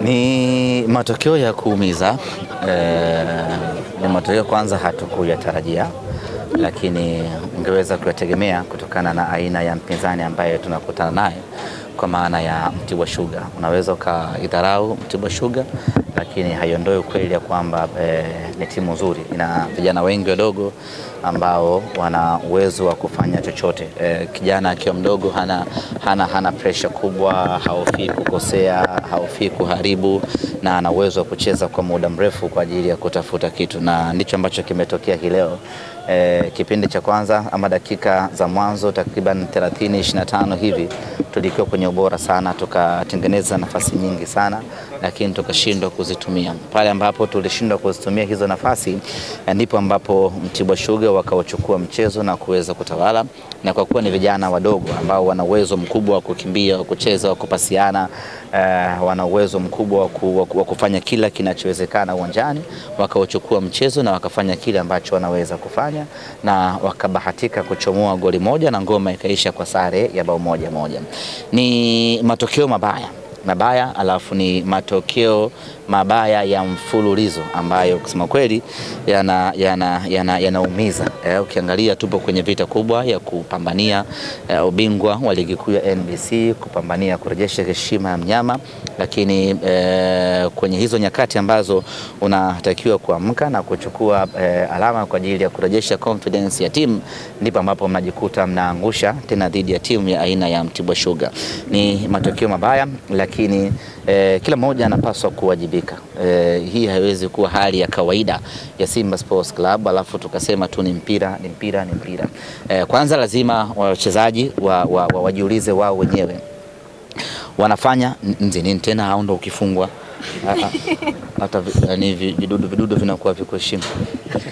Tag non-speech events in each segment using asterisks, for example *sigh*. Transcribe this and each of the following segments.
Ni matokeo ya kuumiza e, ni matokeo kwanza hatukuyatarajia, lakini ungeweza kuyategemea kutokana na aina ya mpinzani ambaye tunakutana naye, kwa maana ya Mtibwa Sugar. Unaweza ukaidharau Mtibwa Sugar, lakini haiondoi ukweli ya kwamba e, ni timu nzuri, ina vijana wengi wadogo ambao wana uwezo wa kufanya chochote. E, kijana akiwa mdogo hana, hana, hana presha kubwa, haofii kukosea, haofii kuharibu na ana uwezo wa kucheza kwa muda mrefu kwa ajili ya kutafuta kitu, na ndicho ambacho kimetokea hii leo. E, kipindi cha kwanza ama dakika za mwanzo takriban 30 25 hivi tulikuwa kwenye ubora sana, tukatengeneza nafasi nyingi sana lakini tukashindwa kuzitumia. Pale ambapo tulishindwa kuzitumia hizo nafasi, eh, ndipo ambapo Mtibwa Sugar wakaochukua mchezo na kuweza kutawala, na kwa kuwa ni vijana wadogo ambao wana uwezo mkubwa wa kukimbia, wa kucheza, wa kupasiana uh, wana uwezo mkubwa wa kufanya kila kinachowezekana uwanjani, wakaochukua mchezo na wakafanya kile ambacho wanaweza kufanya na wakabahatika kuchomoa goli moja na ngoma ikaisha kwa sare ya bao moja moja. Ni matokeo mabaya mabaya, alafu ni matokeo mabaya ya mfululizo ambayo kusema kweli yanaumiza yana, yana, yana eh, ukiangalia tupo kwenye vita kubwa ya kupambania eh, ubingwa wa ligi kuu ya NBC kupambania kurejesha heshima ya mnyama, lakini eh, kwenye hizo nyakati ambazo unatakiwa kuamka na kuchukua eh, alama kwa ajili ya kurejesha confidence ya timu, ndipo ambapo mnajikuta mnaangusha tena dhidi ya timu ya aina ya Mtibwa Sugar. Ni matokeo mabaya lakini eh, kila mmoja anapaswa kuwajibika. Eh, hii haiwezi kuwa hali ya kawaida ya Simba Sports Club alafu tukasema tu ni mpira ni mpira ni mpira. Eh, kwanza lazima wachezaji wa, wa, wa, wajiulize wao wenyewe wanafanya nini tena, au ndo ukifungwa hata ni vidudu vidudu vinakuwa vikuheshimu. *laughs*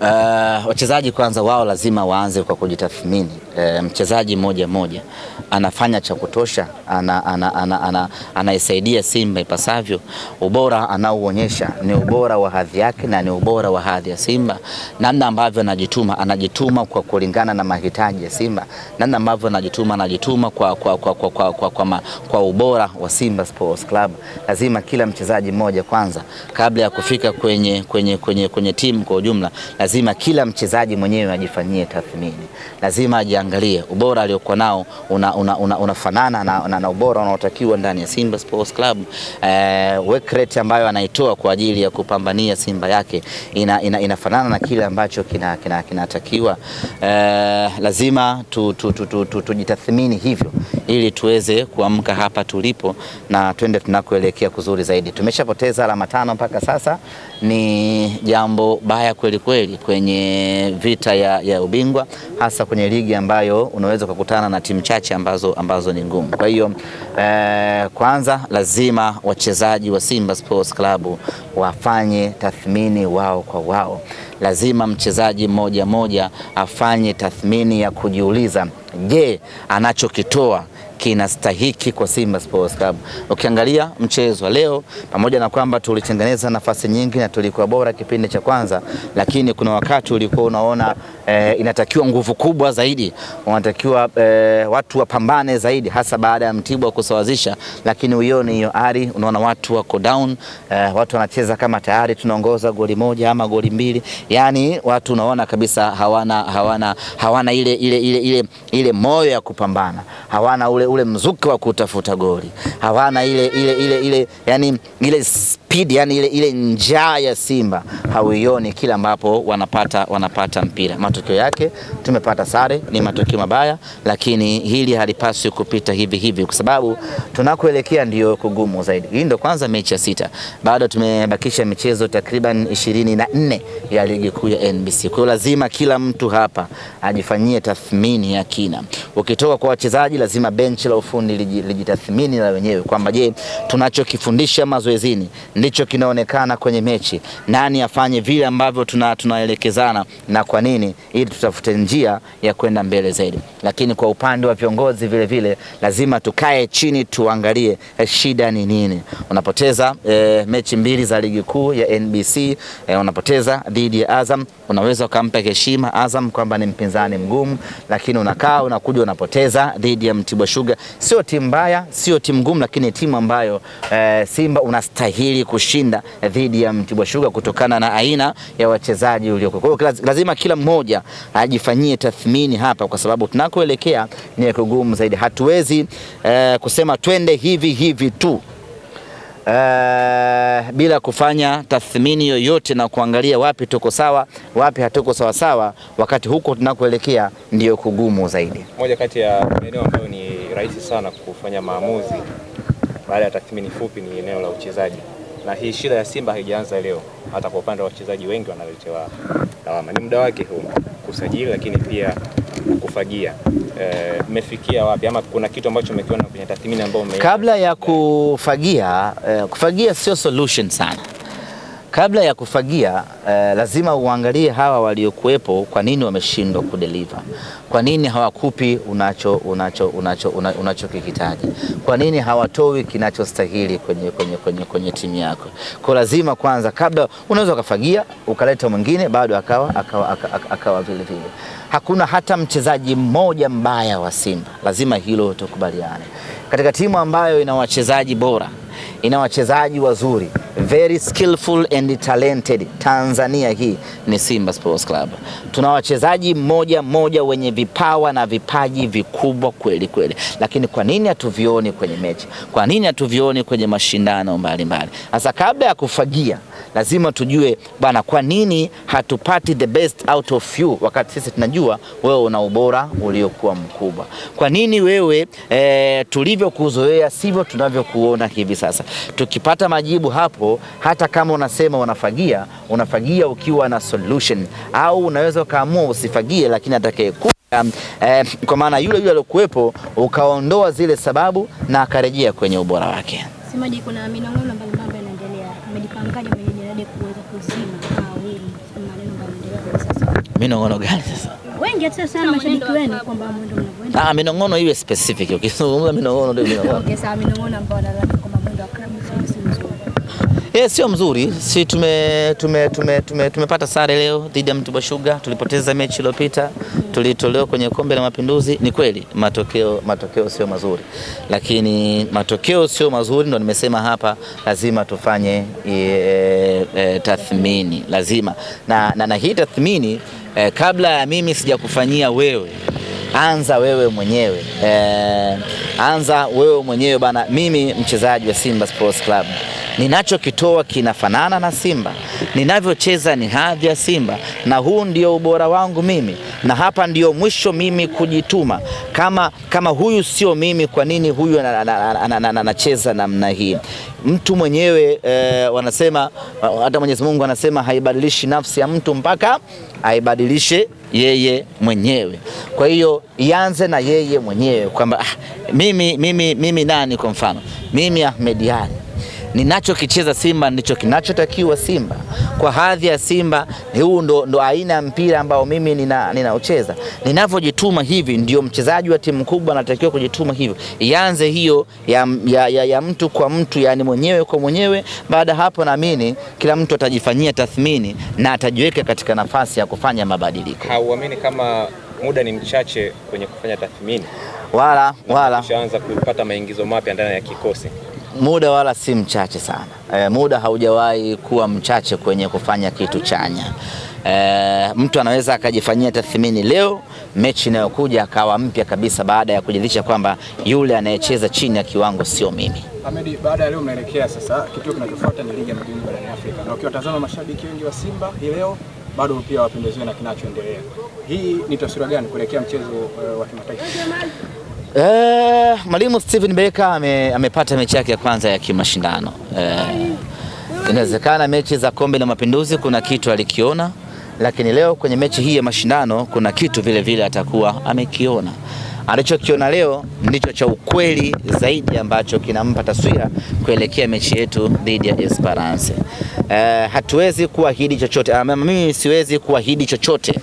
Uh, eh, wachezaji kwanza wao lazima waanze kwa kujitathmini, uh, mchezaji moja moja anafanya cha kutosha, anaisaidia ana, ana, ana, ana Simba ipasavyo. Ubora anaoonyesha ni ubora wa hadhi yake na ni ubora wa hadhi ya Simba, namna ambavyo anajituma, anajituma kwa kulingana na mahitaji ya Simba, namna ambavyo anajituma, anajituma kwa, kwa, kwa, kwa, kwa, kwa, kwa, ma, kwa ubora wa Simba Sports Club. Lazima kila mchezaji mmoja kwanza, kabla ya kufika kwenye, kwenye, kwenye, kwenye timu kwa ujumla, lazima kila mchezaji mwenyewe ajifanyie tathmini, lazima ajiangalie ubora aliokuwa nao una unafanana una, una na, na, na ubora unaotakiwa ndani ya Simba Sports Club eh, work rate ambayo anaitoa kwa ajili ya kupambania Simba yake ina, ina, inafanana na kile ambacho kinatakiwa kina, kina eh, lazima tujitathmini tu, tu, tu, tu, hivyo ili tuweze kuamka hapa tulipo na twende tunakoelekea kuzuri zaidi. Tumeshapoteza alama tano mpaka sasa, ni jambo baya kweli kweli kwenye vita ya, ya ubingwa hasa kwenye ligi ambayo unaweza kukutana na timu chache ambazo, ambazo ni ngumu. Kwa hiyo eh, kwanza lazima wachezaji wa Simba Sports Club wafanye tathmini wao kwa wao. Lazima mchezaji mmoja mmoja afanye tathmini ya kujiuliza, je, anachokitoa kinastahiki kwa Simba Sports Club. Ukiangalia mchezo wa leo, pamoja na kwamba tulitengeneza nafasi nyingi na tulikuwa bora kipindi cha kwanza, lakini kuna wakati ulikuwa unaona e, inatakiwa nguvu kubwa zaidi, unatakiwa e, eh, watu wapambane zaidi, hasa baada ya Mtibwa kusawazisha, lakini uioni hiyo ari, unaona watu wako down e, watu wanacheza kama tayari tunaongoza goli moja ama goli mbili, yani watu unaona kabisa hawana, hawana, hawana ile, ile, ile, ile, ile moyo ya kupambana, hawana ule ule mzuki wa kutafuta goli, hawana ile ile ile ile yani ile spidi, yani ile, ile njaa ya Simba hauioni kila ambapo wanapata, wanapata mpira. Matokeo yake tumepata sare, ni matokeo mabaya, lakini hili halipaswi kupita hivi hivi, kwa sababu tunakoelekea ndio kugumu zaidi. Hii ndio kwanza mechi ya sita, bado tumebakisha michezo takriban ishirini na nne ya ligi kuu ya NBC. Kwa hiyo lazima kila mtu hapa ajifanyie tathmini ya kina, ukitoka kwa wachezaji, lazima benchi la ufundi lijitathmini la wenyewe kwamba je, tunachokifundisha mazoezini ndicho kinaonekana kwenye mechi, nani afanye vile ambavyo tuna tunaelekezana na kwa nini, ili tutafute njia ya kwenda mbele zaidi. Lakini kwa upande wa viongozi vile vile lazima tukae chini tuangalie eh, shida ni nini. Unapoteza e, mechi mbili za ligi kuu ya NBC e, eh, unapoteza dhidi ya Azam, unaweza ukampa heshima Azam kwamba ni mpinzani mgumu, lakini unakaa unakuja unapoteza dhidi ya Mtibwa Sugar. Sio timu mbaya, sio timu ngumu, lakini timu ambayo e, Simba unastahili kushinda dhidi ya Mtibwa Sugar kutokana na aina ya wachezaji ulioko. Kwa hiyo lazima kila mmoja ajifanyie tathmini hapa, kwa sababu tunakoelekea ni kugumu zaidi. Hatuwezi eh, kusema twende hivi hivi tu Uh, bila kufanya tathmini yoyote na kuangalia wapi tuko sawa, wapi hatuko sawa sawa, wakati huko tunakoelekea ndiyo kugumu zaidi. Moja kati ya maeneo ambayo ni rahisi sana kufanya maamuzi baada ya tathmini fupi ni eneo la uchezaji na hii shida ya Simba haijaanza leo, hata kwa upande wa wachezaji wengi wanaletewa lawama. Ni muda wake huu kusajili, lakini pia kufagia. Eh, mmefikia e, wapi ama kuna kitu ambacho mmekiona kwenye tathmini ambayo kabla ya kufagia? Eh, kufagia sio solution sana Kabla ya kufagia eh, lazima uangalie hawa waliokuwepo, kwa nini wameshindwa kudeliver? Kwa nini hawakupi unacho unacho unacho unachokihitaji? Kwa nini hawatoi kinachostahili kwenye, kwenye, kwenye, kwenye timu yako? Kwa lazima kwanza, kabla unaweza ukafagia ukaleta mwingine bado akawa akawa, akawa, akawa vile vile. Hakuna hata mchezaji mmoja mbaya wa Simba, lazima hilo tukubaliane. Katika timu ambayo ina wachezaji bora ina wachezaji wazuri very skillful and talented. Tanzania hii ni Simba Sports Club, tuna wachezaji mmoja moja wenye vipawa na vipaji vikubwa kweli kweli, lakini kwa nini hatuvioni kwenye mechi? Kwa nini hatuvioni kwenye mashindano mbalimbali? Sasa kabla ya kufagia lazima tujue bana, kwa nini hatupati the best out of you, wakati sisi tunajua wewe una ubora uliokuwa mkubwa. Kwa nini wewe e, tulivyokuzoea sivyo tunavyokuona hivi sasa. Tukipata majibu hapo, hata kama unasema unafagia, unafagia ukiwa na solution, au unaweza ukaamua usifagie, lakini atakaye Um, eh, kwa maana yule yule aliyokuwepo ukaondoa zile sababu na akarejea kwenye ubora wake. Semaji, kuna minong'ono minong'ono gani sasa? Wengi hata sana mashabiki wenu kwamba mwendo mnavyoenda. Ah, minong'ono iwe specific. Ukizungumza *laughs* minong'ono ndio minong'ono. Okay, sawa minong'ono ambao wanalalamika kwamba mwendo wa klabu sio mzuri. Eh, sio mzuri. Si tume tume tume tume, tumepata sare leo dhidi ya Mtibwa Sugar, tulipoteza mechi iliyopita, tulitolewa kwenye kombe la mapinduzi. Ni kweli matokeo matokeo sio mazuri. Lakini matokeo sio mazuri ndo nimesema hapa lazima tufanye e, e, tathmini, lazima. Na na, na hii tathmini eh, kabla ya mimi sijakufanyia wewe, anza wewe mwenyewe eh, anza wewe mwenyewe bana. Mimi mchezaji wa Simba Sports Club, ninachokitoa kinafanana na Simba ninavyocheza ni hadhi ya Simba na huu ndio ubora wangu mimi, na hapa ndio mwisho mimi kujituma. Kama, kama huyu sio mimi, kwa nini huyu anacheza namna hii? Mtu mwenyewe e, wanasema hata Mwenyezi Mungu anasema haibadilishi nafsi ya mtu mpaka aibadilishe yeye mwenyewe. Kwa hiyo ianze na yeye mwenyewe kwamba ah, mimi, mimi, mimi nani? Kwa mfano mimi Ahmed ninachokicheza Simba ndicho kinachotakiwa Simba kwa hadhi ya Simba. Huu ndo, ndo aina ya mpira ambao mimi ninaocheza. Nina ninavyojituma hivi, ndio mchezaji wa timu kubwa anatakiwa kujituma hivyo. Ianze hiyo ya, ya, ya, ya mtu kwa mtu, yani mwenyewe kwa mwenyewe. Baada hapo, naamini kila mtu atajifanyia tathmini na atajiweka katika nafasi ya kufanya mabadiliko. Hauamini kama muda ni mchache kwenye kufanya tathmini wala wala, tushaanza kupata maingizo mapya ndani ya kikosi muda wala si mchache sana. E, muda haujawahi kuwa mchache kwenye kufanya kitu chanya. E, mtu anaweza akajifanyia tathmini leo, mechi inayokuja akawa mpya kabisa, baada ya kujiridhisha kwamba yule anayecheza chini ya kiwango sio mimi. Ahmed, baada ya leo mnaelekea sasa, kituo kinachofuata ni ligi ya mabingwa barani Afrika, na ukiwatazama mashabiki wengi wa Simba hii leo bado pia wapendezwe na kinachoendelea, hii ni taswira gani kuelekea mchezo uh, wa kimataifa? Eh, mwalimu Steven ame, amepata mechi yake ya kwanza ya kimashindano. Eh, inawezekana mechi za kombe la mapinduzi kuna kitu alikiona, lakini leo kwenye mechi hii ya mashindano kuna kitu vile vile atakuwa amekiona. Alichokiona leo ndicho cha ukweli zaidi ambacho kinampa taswira kuelekea mechi yetu dhidi ya Esperance. Eh, hatuwezi kuahidi chochote. Ah, mimi siwezi kuahidi chochote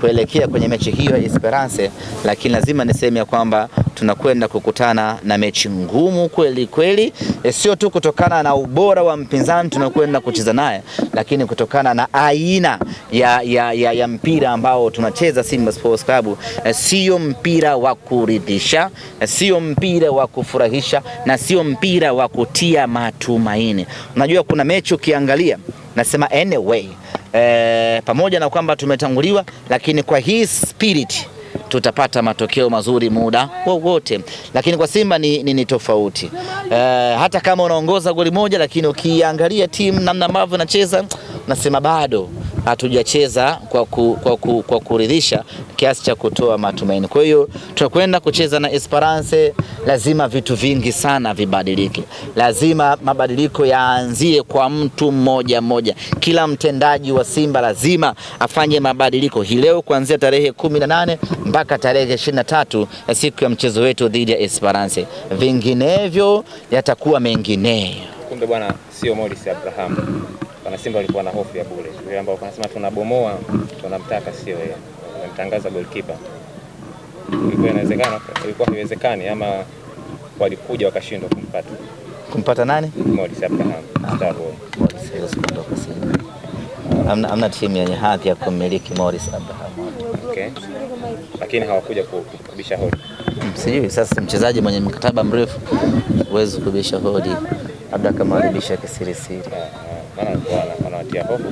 kuelekea kwenye mechi hiyo ya Esperance, lakini lazima niseme ya kwamba tunakwenda kukutana na mechi ngumu kweli kweli, e, sio tu kutokana na ubora wa mpinzani tunakwenda kucheza naye, lakini kutokana na aina ya, ya, ya, ya mpira ambao tunacheza Simba Sports Club. E, sio mpira wa kuridhisha, e, sio mpira wa kufurahisha na sio mpira wa kutia matumaini. Unajua kuna mechi ukiangalia nasema anyway, e, pamoja na kwamba tumetanguliwa, lakini kwa hii spirit tutapata matokeo mazuri muda wowote, lakini kwa Simba ni, ni, ni tofauti e, hata kama unaongoza goli moja, lakini ukiangalia timu namna ambavyo inacheza unasema bado hatujacheza kwa, ku, kwa, ku, kwa kuridhisha kiasi cha kutoa matumaini. Kwa hiyo tutakwenda kucheza na Esperance, lazima vitu vingi sana vibadilike, lazima mabadiliko yaanzie kwa mtu mmoja mmoja. Kila mtendaji wa Simba lazima afanye mabadiliko hii leo kuanzia tarehe kumi na nane mpaka tarehe ishirini na tatu ya siku ya mchezo wetu dhidi ya Esperance, vinginevyo yatakuwa mengineyo. Kumbe bwana sio Morris Abraham. Wanasimba walikuwa na hofu ya bure, yule ambao wanasema tunabomoa, tunamtaka sio yeye, wamemtangaza goalkeeper. Ilikuwa inawezekana, ilikuwa haiwezekani, ama walikuja wakashindwa kumpata. Kumpata nani? Morris Abraham. Ah. Morris Abraham Simba. Amna, amna timu yenye hadhi ya kumiliki Morris Abraham. Okay. Lakini hawakuja kubisha hodi. Sijui sasa mchezaji mwenye mkataba mrefu huwezi kubisha hodi labda akamarudisha kisirisiri, anawatia hofu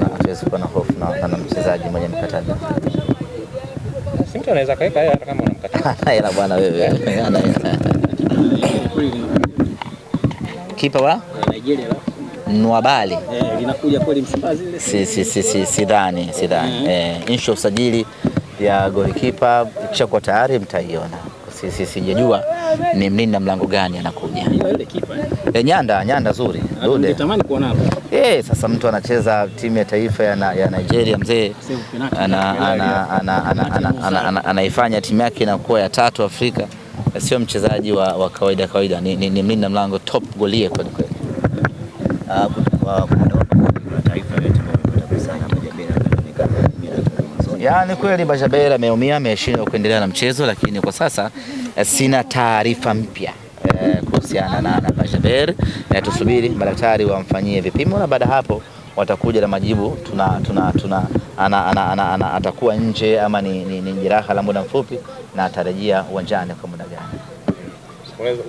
hatuwezi kuwa na hofu na mchezaji mwenye mkataba. hela bwana wewe. Kipa wa Nwabali. Si si si sidhani, sidhani. Mm-hmm. Eh, usajili ya golikipa ikishakuwa tayari mtaiona sijajua ni mlinda mlango gani anakuja. E, Nyanda Nyanda zuri Dude. E, eh, sasa mtu anacheza timu ya taifa ya Nigeria mzee anaifanya timu yake inakuwa ya tatu Afrika, sio mchezaji wa, wa kawaida kawaida, ni, ni, ni mlinda mlango top golie kwelikweli kweli. Ah, ni yaani, kweli Bashabeir ameumia, ameshindwa kuendelea na mchezo, lakini kwa sasa eh, sina taarifa mpya eh, kuhusiana na na Bashabeir. na eh, tusubiri madaktari wamfanyie vipimo na baada hapo watakuja na majibu tuna, tuna, tuna, ana, ana, ana, ana, atakuwa nje ama ni, ni, ni jeraha la muda mfupi na atarejea uwanjani kwa muda gani.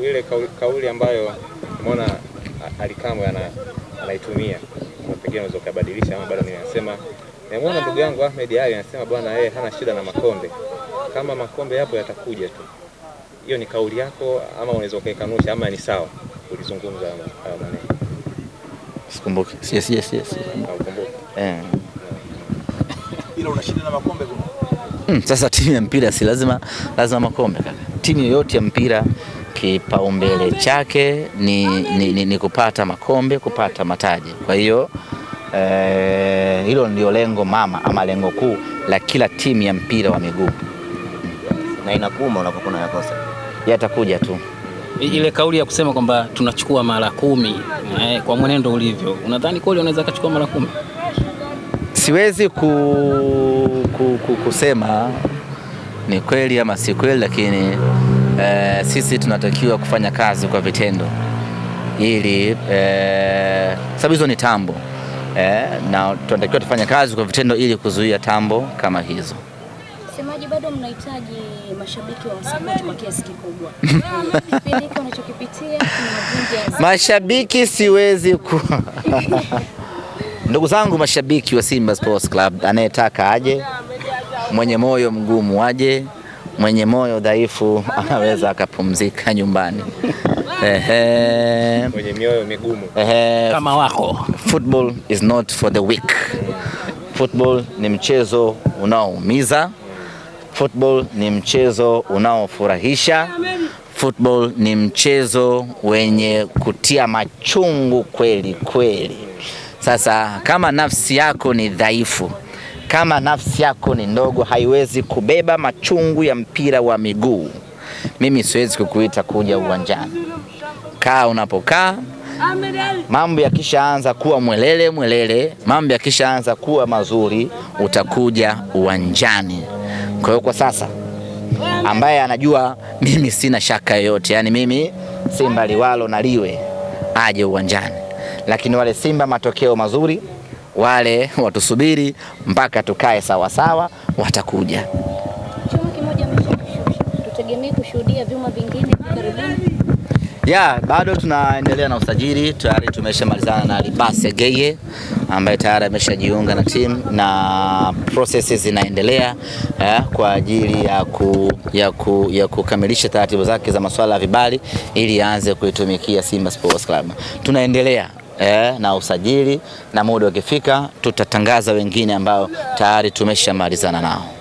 Ile kauli ambayo umeona Alikamwe anaitumia pengine unaweza kubadilisha ama bado ninasema Nimeona ndugu yangu Ahmed Ali anasema bwana, yeye hana shida na makombe, kama makombe yapo yatakuja tu. Hiyo ni kauli yako ama unaweza ukaikanusha ama ni sawa? Ulizungumza hayo maneno, sikumbuki. Yes, yes, yes. Eh. Ila una shida na makombe kuna? Hmm, sasa timu ya mpira si lazima lazima makombe kaka. Timu yoyote ya mpira kipaumbele chake ni, ni, ni, ni kupata makombe, kupata mataji. Kwa hiyo hilo eh, hilo ndio lengo mama ama lengo kuu la kila timu ya mpira wa miguu. Na inakuma unapokuwa unayakosa, yatakuja tu. Ile kauli ya kusema kwamba tunachukua mara kumi e, kwa mwenendo ulivyo, unadhani kweli unaweza kachukua mara kumi? Siwezi ku, ku, ku, kusema ni kweli ama si kweli, lakini e, sisi tunatakiwa kufanya kazi kwa vitendo ili e, sababu hizo ni tambo eh, na tunatakiwa tufanye kazi kwa vitendo ili kuzuia tambo kama hizo. Msemaji, bado mnahitaji mashabiki wa support kwa kiasi kikubwa. *laughs* Kipindi hiki unachokipitia mashabiki, siwezi ku ndugu zangu mashabiki wa Simba Sports Club, anayetaka aje, mwenye moyo mgumu aje mwenye moyo dhaifu anaweza akapumzika nyumbani. *laughs* Ehe. Mwenye mioyo migumu. Ehe. Kama wako. Football is not for the weak. Football ni mchezo unaoumiza. Football ni mchezo unaofurahisha. Football ni mchezo wenye kutia machungu kweli kweli. Sasa kama nafsi yako ni dhaifu kama nafsi yako ni ndogo, haiwezi kubeba machungu ya mpira wa miguu, mimi siwezi kukuita kuja uwanjani. Kaa unapokaa. Mambo yakishaanza kuwa mwelele mwelele, mambo yakishaanza kuwa mazuri, utakuja uwanjani. Kwa hiyo kwa sasa, ambaye anajua mimi sina shaka yoyote, yaani mimi Simba liwalo na liwe aje uwanjani, lakini wale Simba matokeo mazuri wale watusubiri mpaka tukae sawasawa, watakuja. Chuma kimoja tutegemee kushuhudia vyuma vingine karibuni. Ya, bado tunaendelea na usajili. Tayari tumeshamalizana na Libase Geye ambaye tayari ameshajiunga na timu na processes zinaendelea eh, kwa ajili ya, ku, ya, ku, ya kukamilisha taratibu zake za masuala ya vibali ili aanze kuitumikia Simba Sports Club. Tunaendelea eh, na usajili na muda ukifika tutatangaza wengine ambao tayari tumeshamalizana nao.